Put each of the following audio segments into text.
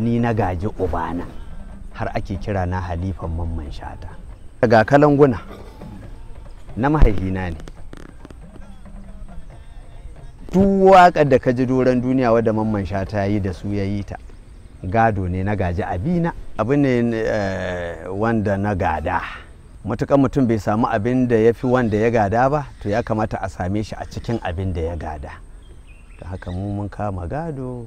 ni na gaji ubana har ake kira na halifan mamman shata daga kalanguna na mahaifina ne Tuwa waƙar da ka ji doron duniya wadda mamman shata yi da su ya yi ta gado ne na gaji abina abu ne eh, wanda na gada Matuƙar mutum bai samu abin da ya fi wanda ya gada ba to ya kamata a same shi a cikin abin da ya gada ta haka mu mun kama gado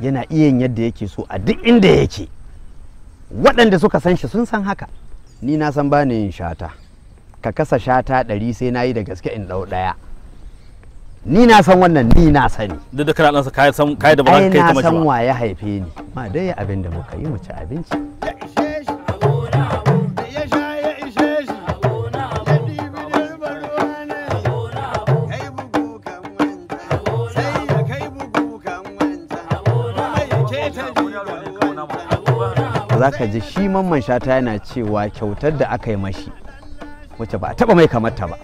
yana iya yin yadda yake so a duk inda yake waɗanda suka san shi sun san haka ni na san ba yin shata ka kasa shata ɗari sai na yi da gaske in ɗau ɗaya ni na san wannan ni na sani duk da kana ɗansa san da ba san wa ya haife ni ma dai abin da muka yi mu ci abinci za ka ji shi mamman shata yana cewa kyautar da aka yi mashi wacce ba a taba mai kamata ba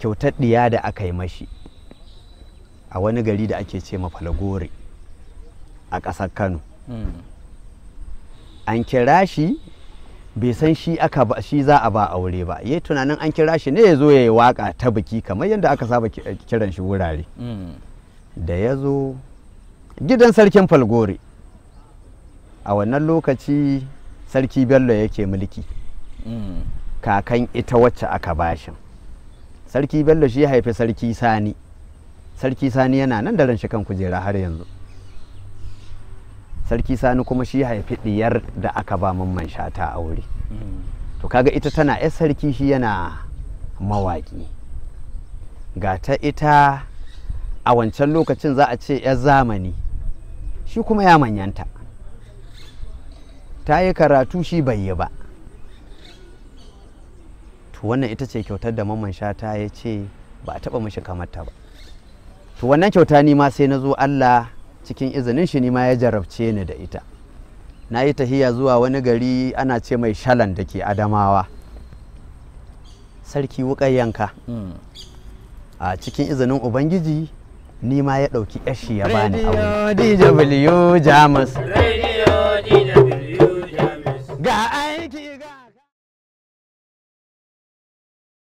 kyautar ɗiya da aka yi mashi a wani gari da ake ce mafalagore a ƙasar kano an kira shi bai san shi aka ba shi za a ba aure ba yayi tunanin an kira shi ne ya zo ya yi waka ta biki kamar yadda aka saba kiran shi wurare mm. da ya zo gidan sarkin falgore a wannan lokaci sarki bello yake mulki mm. kakan ita wacce aka bashin sarki bello shi ya haifi sarki sani sarki sani yana nan da ran shi kan kujera har yanzu sarki sani kuma shi haifi diyar da aka ba mamman shata a wuri mm. to kaga ita tana yar sarki shi yana mawaƙi ga ta ita a wancan lokacin za a ce yar zamani shi kuma ya manyanta ta yi karatu shi bai yi ba to wannan ita ce kyautar da mamman shata ya ce ba a taɓa mashi kamata ba to wannan kyauta ni ma sai na zo allah cikin izinin shi ni ma ya jarabce ni da ita na yi tahiya zuwa wani gari ana ce mai shalan da ke adamawa sarki wuƙayyanka hmm. a cikin izinin ubangiji ni ma ya ɗauki yashi ya bani aure. DW Jamus. Radio DW Jamus. Ga aiki ga.